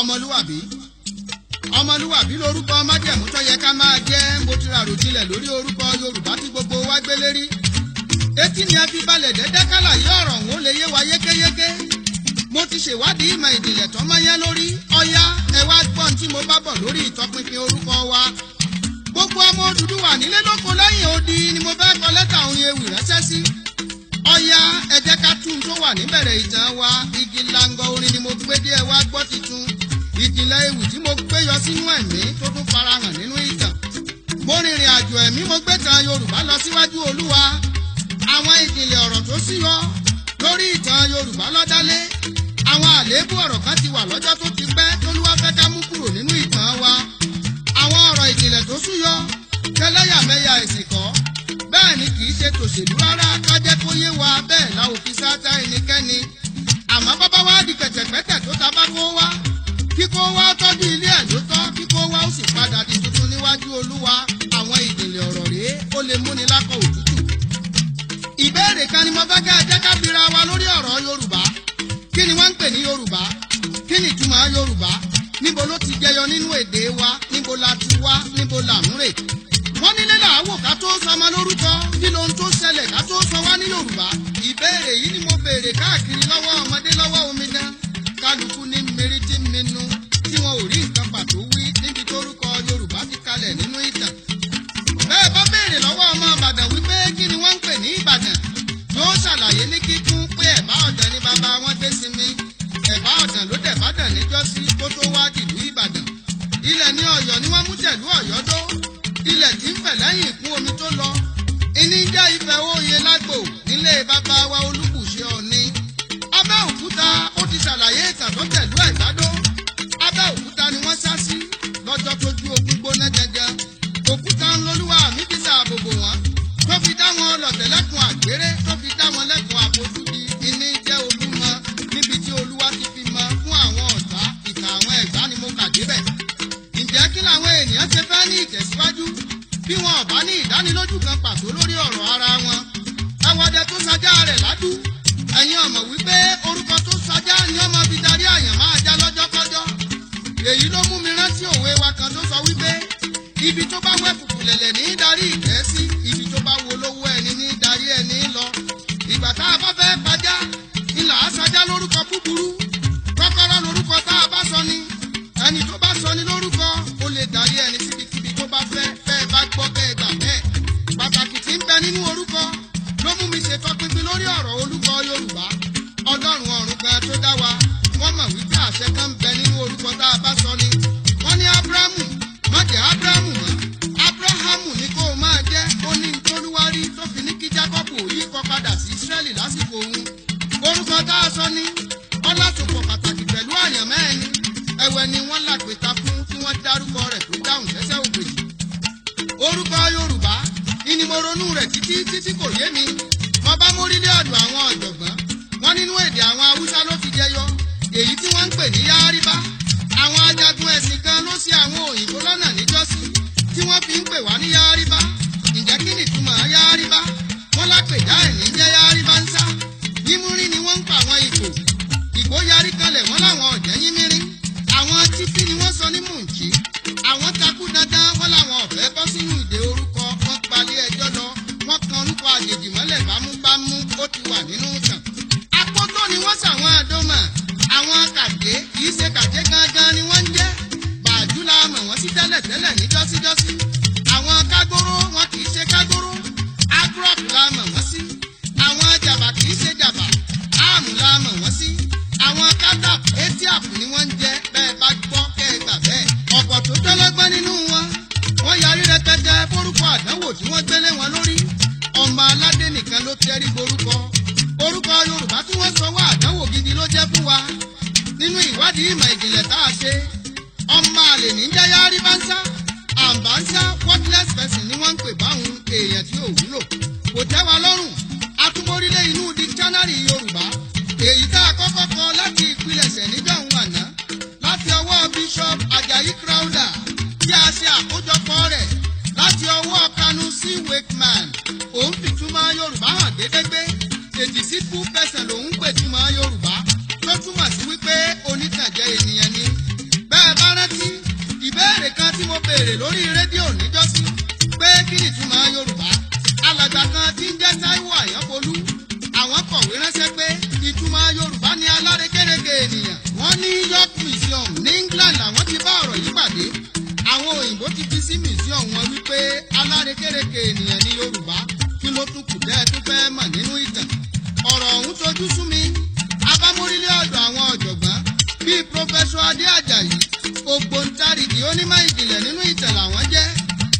ọmọlúwàbí ọmọlúwàbí lórúkọ májẹ̀mú tó yẹ ká máa jẹ́ mo ti ra ròjinlẹ̀ lórí orúkọ yorùbá tí gbogbo wa gbé lérí etí ni a fi balẹ̀ dẹ́dẹ́ kálàyé ọ̀rọ̀ òun lè yé wa yékéyéké mo ti ṣèwádìí ìmọ̀ ìjìnlẹ̀ tó máa yẹn lórí ọ̀yá ẹ wá gbọ́n tí mo bá bọ̀ lórí ìtọpinpin orúkọ wa gbogbo ọmọ Odùduwà nílé lóko lẹ́yìn odi ni mo fẹ́ kọ lẹ́tà orin ewì ránṣẹ́ sí ọ̀yá ẹ jẹ́ ká tún tó wà níbẹ̀rẹ̀ ìtàn wa igi lango orin ni mo gbé dé ẹ wá gbọ́ titun ìṣẹ̀lẹ̀ ewì tí mo gbé yọ sínú ẹ̀mí tó tún farahàn nínú ìtàn mo rìnrìn àjò ẹ̀mí mo gbé tan Yorùbá lọ síwájú Olúwa àwọn ìjìnlẹ̀ ọ̀rọ̀ tó síyọ lórí ìtàn Yorùbá lọ́dálé àwọn àléébù ọ̀rọ̀ kan ti wà lọ́jọ́ tó ti pẹ́ tólúwa fẹ́ ká mú kúrò nínú ìtàn wa àwọn ọ̀rọ̀ ìjìnlẹ̀ tó súyọ tẹlẹ́yàmẹ̀yà ìsìnkọ́ bẹ́ẹ̀ ni kì í ṣe tòṣèlú rárá ká jẹ́ kó yé wa bẹ́ẹ̀ la ò fi sáátá ẹnikẹ́ni àmọ́ bàbá wa di kẹ̀tẹ̀. tá a bá gbélé wọn lórí ọmọ aládé nìkan ló tẹrí borí. síkú bẹ́ẹ̀. bíi pọfẹsọ adé àjàyí ògbóǹtarìgì onímọ̀ ìjìnlẹ̀ nínú ìtàn làwọn jẹ́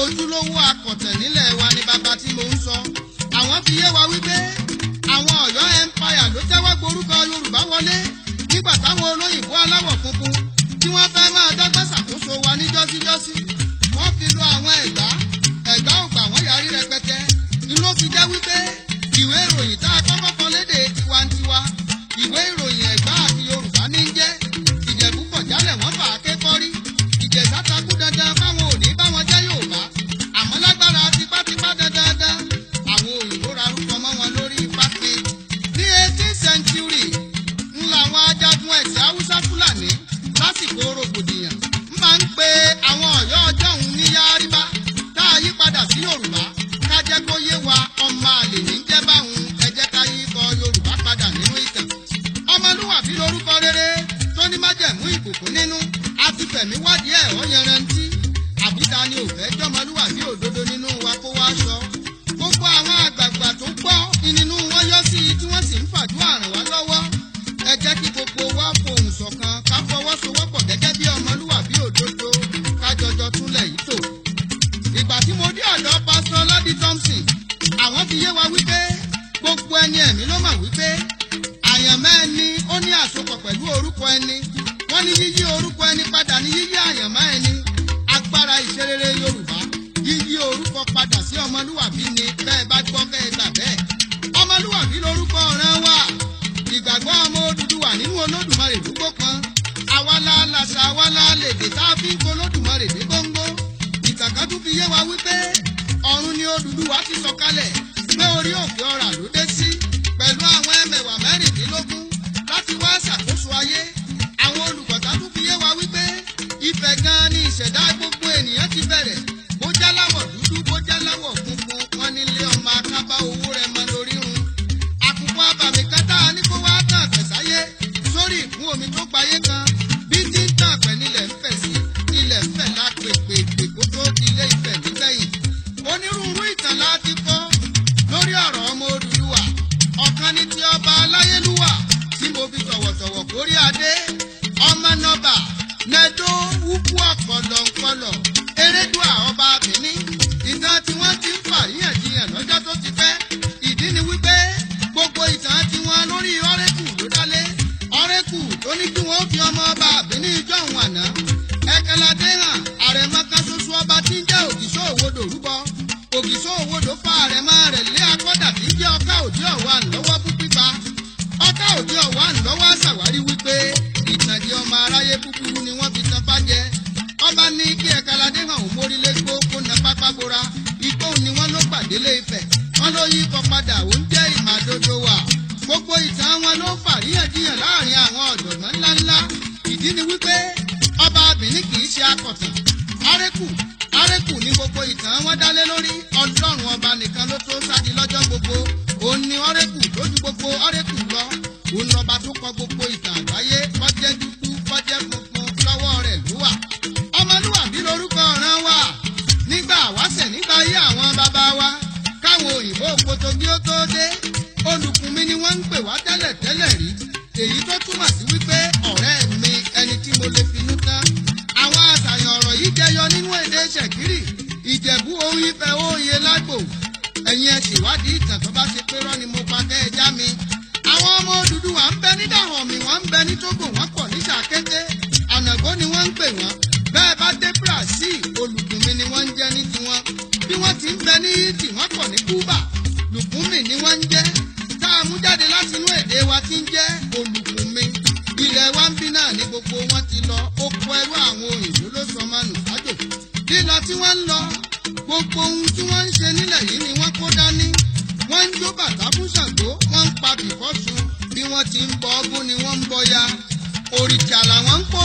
ojúlówó akọ̀tẹ̀ nílẹ̀ wa ni bàbá tí mo ń sọ àwọn fi yé wa wípé àwọn ọ̀yọ́ empire ló tẹ́wọ́ gborúkọ yorùbá wọlé nígbà táwọn olóyìnbó aláwọ̀ funfun tí wọ́n fẹ́ máa dọ́gbọ́n ṣàkóso wa ní jọ́síjọ́sí wọ́n fi lo àwọn ẹ̀dá ẹ̀dá ògbà wọ́n yarí rẹpẹtẹ ni ló fi jẹ́ wípé ìgbàgbọ́ ọmọ Odùduwà nínú Olódùmarè dúgbò kan àwa la làṣà àwa la lèdè tá a fi ń polódùmarè ní gbóngbó ìtàn kan tún fi wa wípé ọ̀run ni Odùduwà ti sọ̀kalẹ̀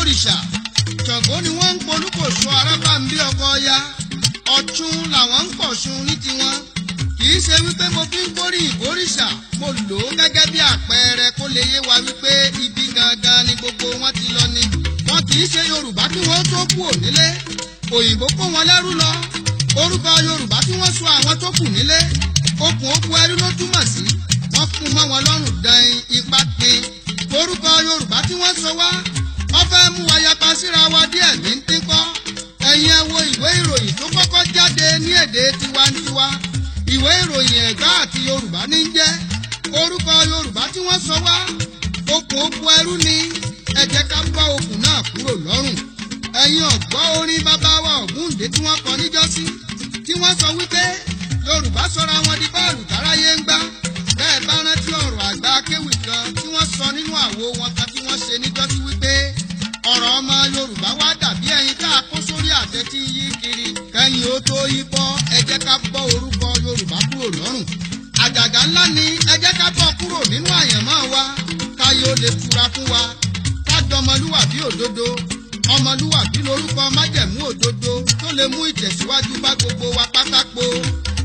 olórìṣà ṣàngó ni wọ́n ń polúkòṣù arábàmbí ọkọ ya ọ̀tún làwọn ń pọ̀ṣun ní tiwọn kì í ṣe wípé mo fi ń kórè ìbórìṣà mo lò ó gẹ́gẹ́ bí àpẹẹrẹ kó lè yé wa wípé ibi gangan ni gbogbo wọn ti lọ ni wọn kì í ṣe yorùbá kí wọ́n tó kú ònílé òyìnbó kó wọn lẹ́rú lọ orúkọ yorùbá tí wọ́n sọ àwọn tó kù nílé okùn okùn ẹrú ló túmọ̀ sí wọ́n fún mọ́ wọn lọ́rùn dan ipa pin orúkọ yorùbá tí wọ́n sọ wá wọ́n fẹ́ mú wa yapa síra wa díẹ̀ ní tínkọ́ ẹ̀yin ẹ wo ìwé ìròyìn tó kọ́kọ́ jáde ní èdè tiwantiwa ìwé ìròyìn ẹ̀gbá àti yorùbá ní jẹ́ orúkọ yorùbá tí wọ́n sọ wá okùn okùn ẹrú ni ẹ jẹ́ ká bá okùn náà kúrò lọ́rùn ẹ̀yin ọ̀gbọ́ orin bàbá wa Ògúndé tí wọ́n kọ níjọ́sí tí wọ́n sọ wípé lọ́rùn àjàgà ńlá ni ẹ jẹ́ ká bọ́ kúrò nínú àyànmọ́ wa káyé ó lè fura fún wa kájọ ọmọlúwàbí òdodo ọmọlúwàbí lórúkọ májẹ̀mú òdodo tó lè mú ìtẹ̀síwájú bá gbogbo wa pátákó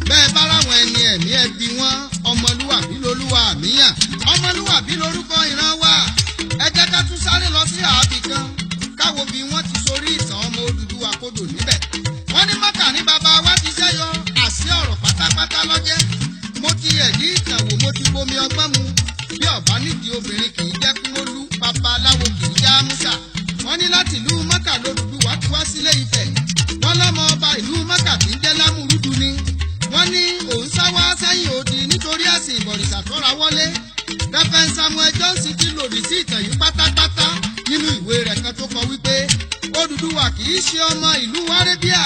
bẹ́ẹ̀ bá ráwọn ẹni ẹ̀mí ẹbí wọn ọmọlúwàbí lolúwa àmìyàn ọmọlúwàbí lórúkọ ìran wa ẹ jẹ́ ká tún sáré lọ sí ààbì kan káwo bí wọ́n ti sorí ìtàn ọmọ Odùduwà kodò níbẹ̀ wọ́n ní mọ́kà ní bàbá pátápátá lọ́jẹ́ mo ti ẹ̀yí ìtàwó mo ti bomi ọgbọ́n mu bí ọ̀bá nídìí obìnrin kì í jẹ́ kí ó lú babaláwo kì í já músà wọ́n ní láti ìlú mọ́kà lódùdú wá ti wá sílé Ifẹ̀ wọ́n lọ́mọ ọba ìlú mọ́kà tí ń jẹ́ lámúrúdù ni wọ́n ní òun sá wá sẹ́yìn odi nítorí ẹ̀sìn ìbọ̀rìṣà tó ra wọlé reverend samuel johnson ti lòdì sí ìtàn yìí pátápátá nínú ìwé rẹ̀ kan tó kọ wípé Odùduwà kì í ṣe ọmọ ìlú wárébíà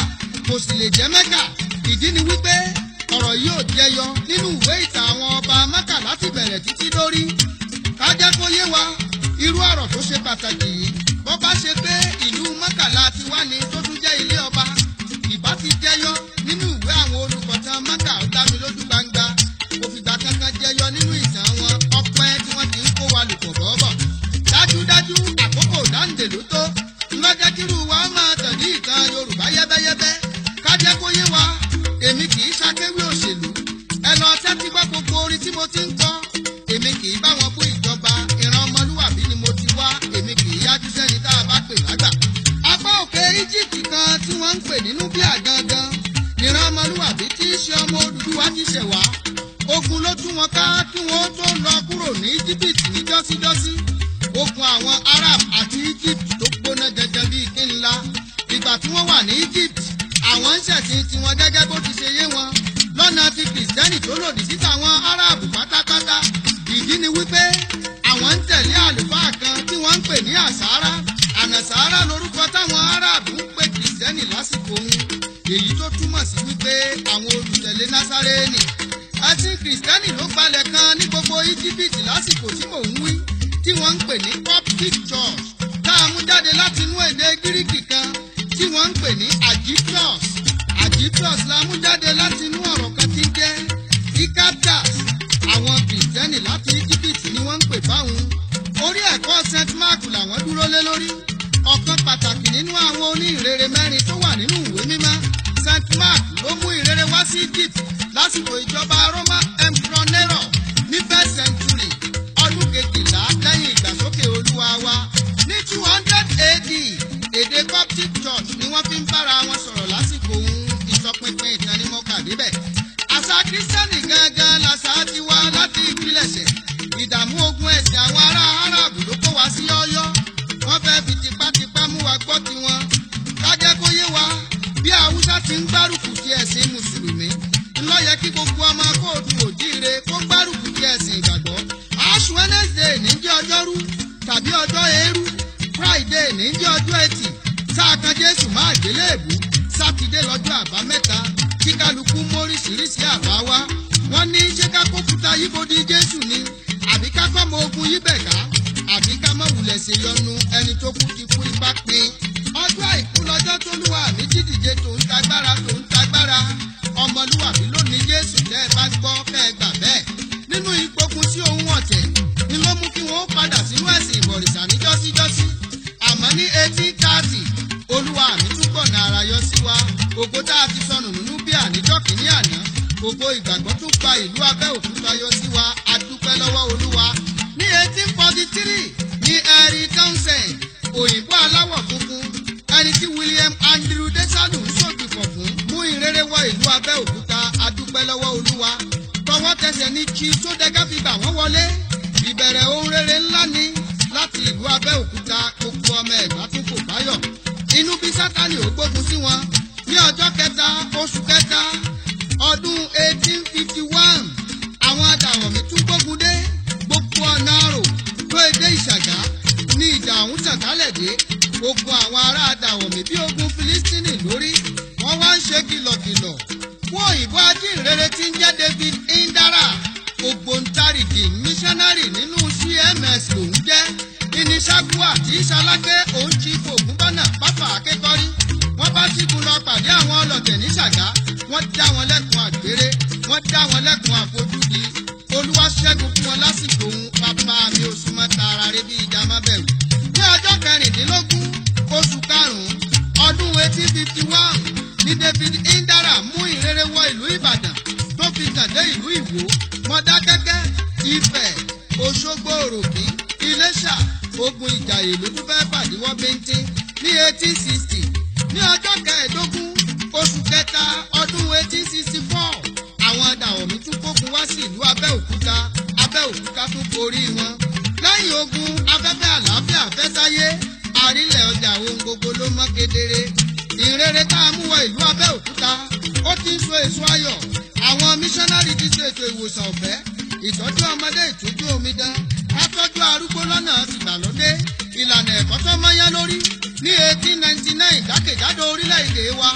kò sì lè jẹ́ mẹ́kà ìdí ni wípé ọ̀rọ̀ yìí ò jẹyọ nínú ìwé ìtàn àwọn ọba Mákà láti bẹ̀rẹ̀ títí dórí ká jẹ́ kó yé wa irú ọ̀rọ̀ tó ṣe pàtàkì yìí gangan ìran ọmọlúwàbí tí í ṣe ọmọ Odùduwà ti ṣẹ̀ wá ogun ló tú wọn ká kí wọn ó tó lọ kúrò ní Íjíbítì ní jọ́síjọ́sí ogun àwọn Arab àti. kìrìsìtẹ́nì ló gbalẹ̀ kan ní gbogbo íjíbítì lásìkò tí mò ń dé lọ́jọ́ àbámẹ́ta. a ti sọnù nínú bí àníjọ́ kìíní àná gbogbo ìgbàgbọ́ tún pa ìlú Abẹ́òkúta yọ sí wa a lọ́wọ́ Olúwa ní eighteen forty three ní Henry Townsend òyìnbó aláwọ̀ funfun ẹni tí William Andrew Desano ń ṣògbìfọ̀ fún mú ìrere wọ ìlú Abẹ́òkúta a dúpẹ́ lọ́wọ́ Olúwa tọwọ́ tẹsẹ̀ ní chi sódẹ́gá fi bà wọ́n wọlé ìbẹ̀rẹ̀ ohun rere ńlá ni láti ìlú Abẹ́òkúta gbogbo ọmọ Ẹ̀gbá tún fò báyọ̀ inú bí Sátánì ò ogun àwọn ará àdàwọ̀mí bí ogun Filistini lórí wọ́n wá ń ṣe kìlọ̀kìlọ̀ fún òyìnbó ajínrere tí ń ohun gbogbo ló mọ́ kedere ìrere tá a mú wọ ìlú Abẹ́òkúta ó ti ń so èso ayọ̀ àwọn míṣánárì ti so ètò ìwòsàn ọ̀fẹ́ ìtọ́jú ọmọdé ìtọ́jú omidan atọ́jú arúgbó lọ́nà tìgbàlódé ìlànà ẹ̀kọ́ tó mọ́yá lórí ní eighteen ninety nine jákèjádò orílẹ̀-èdè wa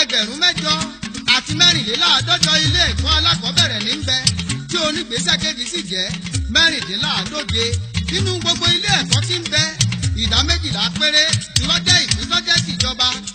ẹgbẹ̀rún mẹ́jọ àti mẹ́rìnléláàádọ́jọ ilé ẹ̀kọ́ alákọ̀ọ́bẹ̀rẹ̀ ní bẹ tí onígbésẹ̀ kejì sì jẹ́ mẹ́rìndínláàádóje nínú gbogbo ilé ẹ̀kọ́ tí ń mẹ́wàá péré lọ́jẹ́ ìpínsọ́jẹ́ tìjọba